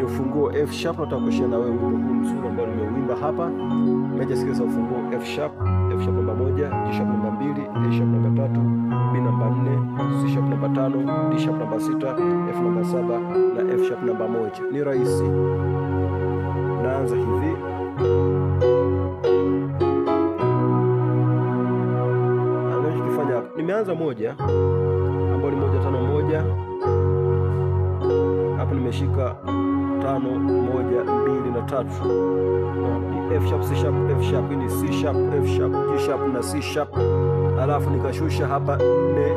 kwenye ufunguo F sharp, nataka kushare na wewe wimbo huu mzuri ambao nimeuimba hapa. Meja sikiliza, ufunguo F sharp, F sharp namba moja, G sharp namba mbili, A sharp namba tatu, B namba nne, C sharp namba tano, D sharp namba sita, F namba saba na F sharp namba moja. Ni rahisi, naanza hivi kifanya nimeanza moja ambayo ni moja tano moja hapo nimeshika tano moja mbili na tatu ni F sharp, C sharp, F sharp, ni C sharp, F sharp, G sharp na C sharp, alafu nikashusha hapa nne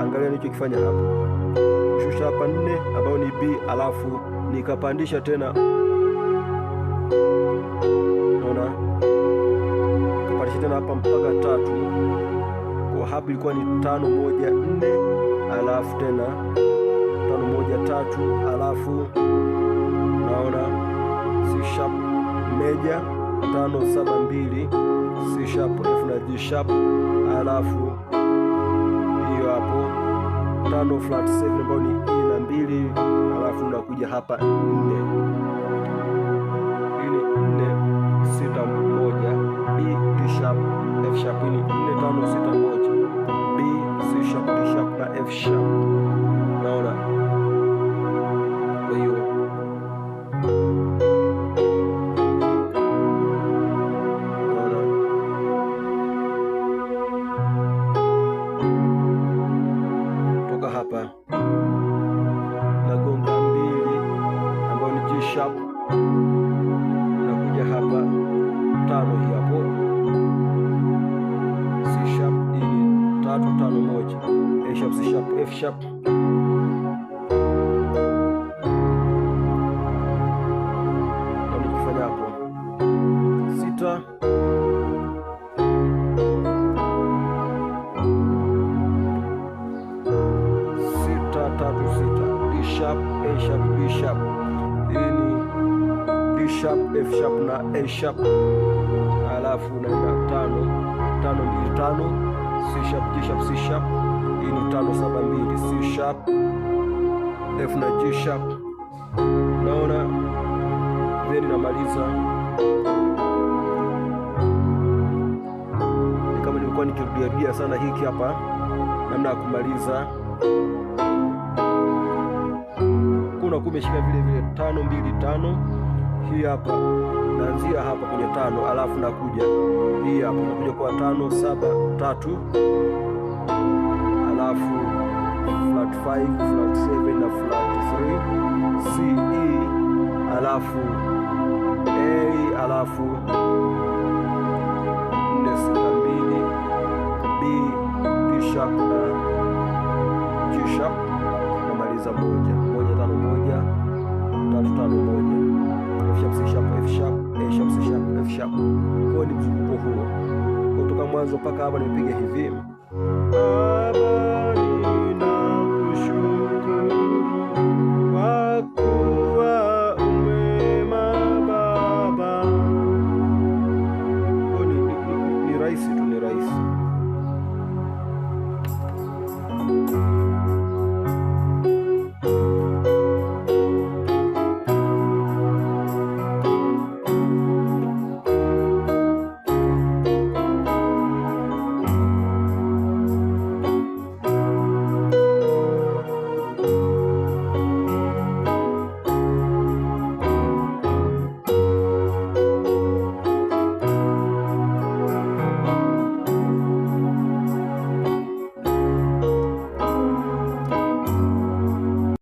angalia nichokifanya hapa, kushusha hapa nne ambayo ni B, alafu nikapandisha tena naona kapandisha tena hapa mpaka tatu kwa hapo ilikuwa ni tano moja nne alafu tena tano moja tatu alafu naona C sharp meja tano saba mbili C sharp F na G sharp alafu hiyo hapo tano flat 7 ambayo ni E na mbili alafu nakuja hapa nne nne sita moja B D sharp F sharp ni nne tano sita moja kujistaafisha. Naona kwa hiyo mbili ambayo ni G sharp with F sharp. Nikifanya hapo sita sita F sharp na A sharp, alafu naenda tano tano mbili tano, C sharp, D sharp, C sharp mbili tano saba mbili C sharp F na G sharp, naona then namaliza kama nilikuwa nikirudiarudia sana. Hiki hapa namna ya kumaliza kuna kumeshika vile vile tano mbili tano, hii hapa naanzia hapa kwenye tano alafu nakuja hii hapa nakuja kwa tano saba tatu alafu flat 5 flat 7 na flat 3 C E alafu A alafu 462 B D sharp na G sharp namaliza moja moja tano moja tatu tano moja F sharp C sharp F sharp A sharp C sharp F sharp. Kwa ni mzunguko huo kutoka mwanzo mpaka hapa nimepiga hivi.